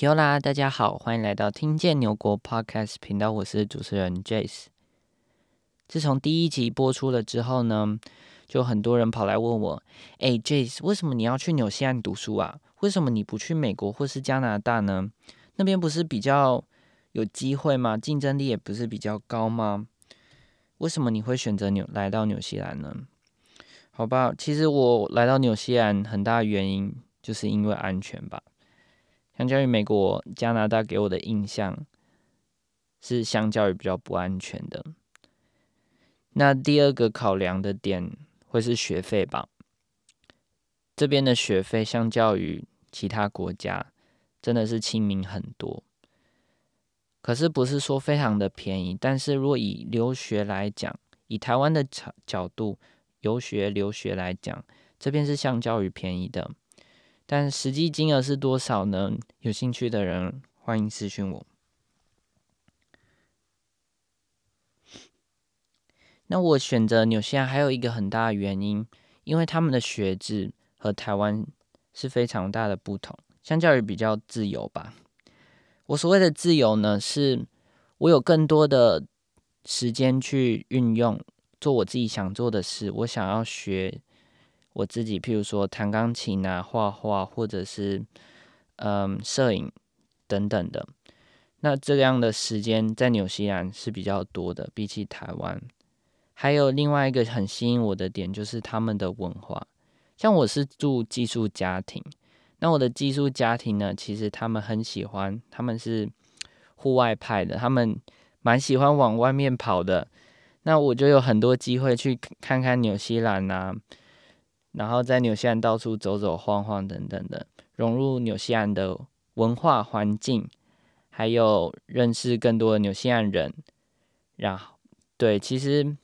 Hello 啦，大家好，歡迎來到聽見牛國 Podcast 頻道，我是主持人 Jace。自從第一集播出了之後呢，就很多人跑來問我：“誒，Jace，為什麼你要去紐西蘭讀書啊？為什麼你不去美國或是加拿大呢？那邊不是比較有機會嗎？競爭力也不是比較高嗎？為什麼你會選擇紐來到紐西蘭呢？”好吧，其實我來到紐西蘭很大原因就是因為安全吧。相較於美國、加拿大，給我的印象是相較於比較不安全的。那第二個考量的點會是學費吧？這邊的學費相較於其他國家真的是親民很多，可是不是說非常的便宜。但是如果以留學來講，以台灣的角角度，遊學留學來講，這邊是相較於便宜的。但實際金額是多少呢？有興趣的人歡迎私訊我。那我選擇紐西蘭還有一個很大的原因，因為他們的學制和台灣是非常大的不同，相較於比較自由吧。我所謂的自由呢，是我有更多的時間去運用，做我自己想做的事，我想要學。我自己，譬如說彈鋼琴啊、畫畫，或者是嗯攝影等等的。那這樣的時間在紐西蘭是比較多的，比起台灣。還有另外一個很吸引我的點，就是他們的文化。像我是住寄宿家庭，那我的寄宿家庭呢，其實他們很喜歡，他們是戶外派的，他們蠻喜歡往外面跑的。那我就有很多機會去看看紐西蘭啊。然後在紐西蘭到處走走晃晃等等的，融入紐西蘭的文化環境，還有認識更多的紐西蘭人。然後，對，其實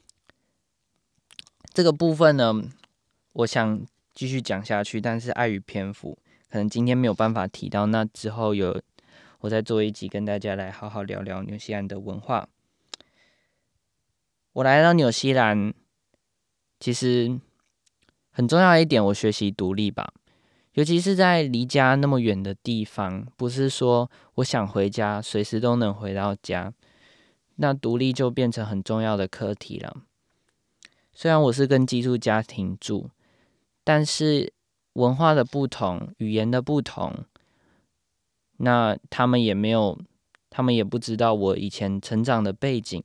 這個部分呢，我想繼續講下去，但是礙於篇幅，可能今天沒有辦法提到。那之後有我再做一集，跟大家來好好聊聊紐西蘭的文化。我來到紐西蘭，其實。很重要一點，我學習獨立吧，尤其是在離家那麼遠的地方，不是說我想回家隨時都能回到家，那獨立就變成很重要的課題了。雖然我是跟寄宿家庭住，但是文化的不同、語言的不同，那他們也沒有，他們也不知道我以前成長的背景，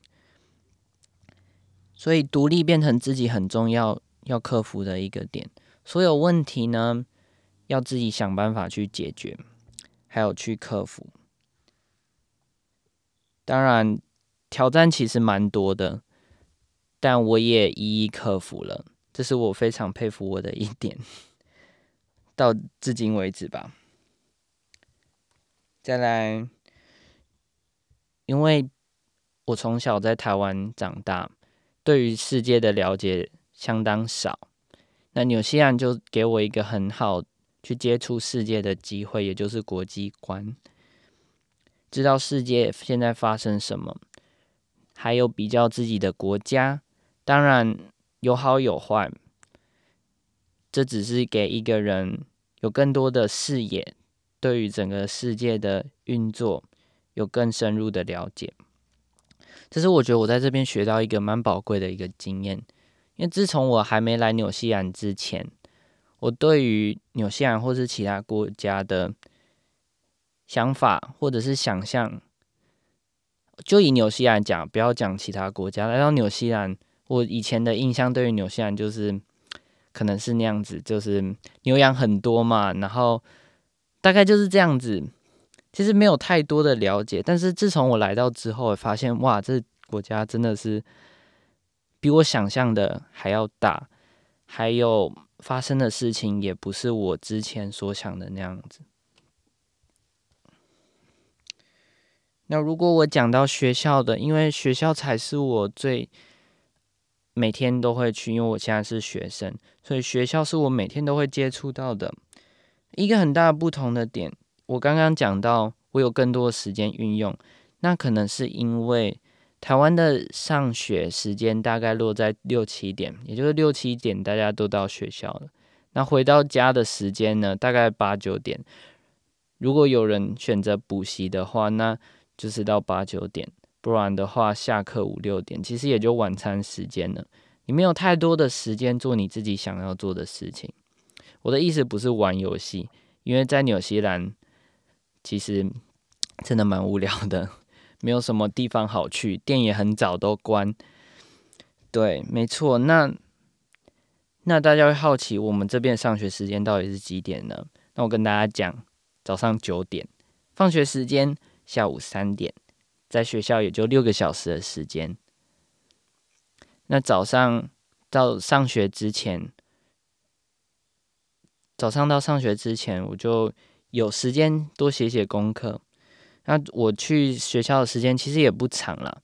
所以獨立變成自己很重要要克服的一個點，所有問題呢，要自己想辦法去解決，還有去克服。當然，挑戰其實蠻多的，但我也一一克服了，這是我非常佩服我的一點。到至今為止吧，再來，因為我從小在台灣長大，對於世界的了解相當少，那紐西蘭就給我一個很好去接觸世界的機會，也就是國際觀，知道世界現在發生什麼，還有比較自己的國家，當然有好有壞，這只是給一個人有更多的視野，對於整個世界的運作有更深入的了解，這是我覺得我在這邊學到一個蠻寶貴的一個經驗。因為自從我還沒來紐西蘭之前，我對於紐西蘭或是其他國家的想法或者是想象，就以紐西蘭講，不要講其他國家，來到紐西蘭，我以前的印象對於紐西蘭就是，可能是那樣子，就是牛羊很多嘛，然後大概就是這樣子，其實沒有太多的了解，但是自從我來到之後，我發現哇，這國家真的是。比我想象的還要大，還有發生的事情也不是我之前所想的那樣子。那如果我講到學校的，因為學校才是我最每天都會去，因為我現在是學生，所以學校是我每天都會接觸到的一個很大的不同的點。我剛剛講到我有更多的時間運用，那可能是因為。台灣的上學時間大概落在六七點，也就是六七點大家都到學校了。那回到家的時間呢？大概八九點。如果有人選擇補習的話，那就是到八九點；不然的話，下課五六點，其實也就晚餐時間了。你沒有太多的時間做你自己想要做的事情。我的意思不是玩遊戲，因為在紐西蘭其實真的蠻無聊的。沒有什麼地方好去，店也很早都關。對，沒錯。那那大家會好奇，我們這邊上學時間到底是幾點呢？那我跟大家講，早上九點，放學時間下午三點，在學校也就六個小時的時間。那早上到上學之前，早上到上學之前我就有時間多寫寫功課。那我去學校的時間其實也不長了，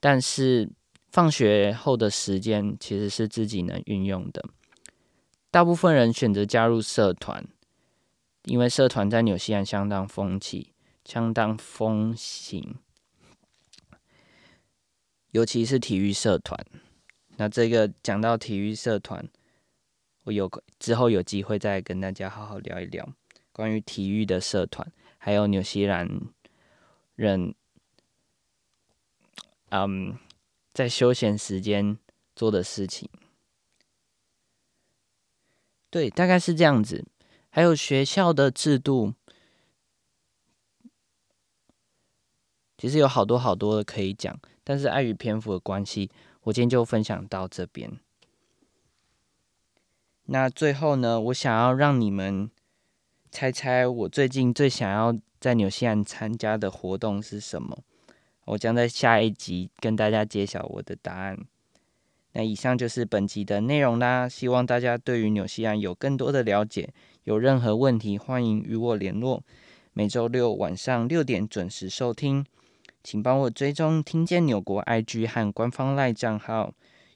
但是放學後的時間其實是自己能運用的。大部分人選擇加入社團，因為社團在紐西蘭相當風氣，相當風行，尤其是體育社團。那這個講到體育社團，我有之後有機會再跟大家好好聊一聊關於體育的社團，還有紐西蘭。人，嗯，在休閒時間做的事情，對，大概是這樣子。還有學校的制度，其實有好多好多的可以講，但是礙於篇幅的關係，我今天就分享到這邊。那最後呢，我想要讓你們猜猜我最近最想要。在紐西蘭參加的活動是什麼？我將在下一集跟大家揭曉我的答案。那以上就是本集的內容啦，希望大家對於紐西蘭有更多的了解。有任何問題，歡迎與我聯絡。每週六晚上六點準時收聽，請幫我追蹤聽見紐國 IG 和官方 LINE 賬號，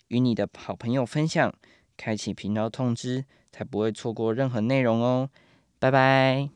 與你的好朋友分享，開啟頻道通知，才不會錯過任何內容哦。拜拜。